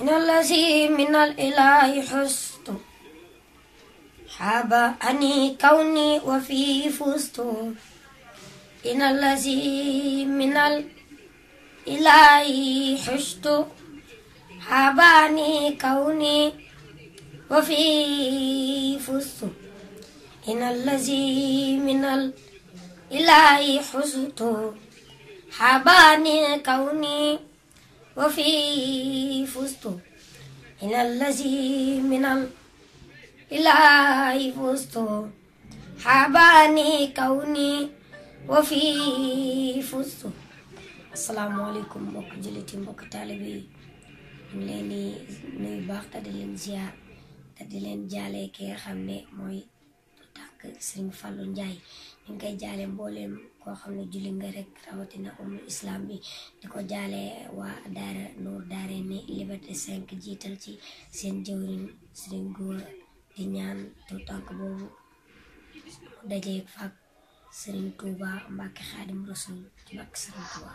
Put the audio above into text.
إن الذي من الإله حست حاب أني كوني وفي فزت إن الذي من الإله حاب حاباني كوني وفي فزت إن الذي من الإله حاب حاباني كوني وفي إن الذي من الإله habani حباني كوني وفي فزت السلام عليكم mbokk juliti mbokk taalibe yi ñu leen di nuyu baax te di leen ziar te di leen jaale ki nga xam ne mooy tàkk sëriñ Fallou Ndiaye ñu ngi koy jaale mbooleem koo xam ne julli rawatina umul islam bi di ko jaale waa senk jiital ci seen jëwriñ sëriñ góor di ñaan tu tànk boobu dajee fàkk sëriñ Tuuba Mbàkke Xaadim Rasul ci bàkk sëriñ Tuuba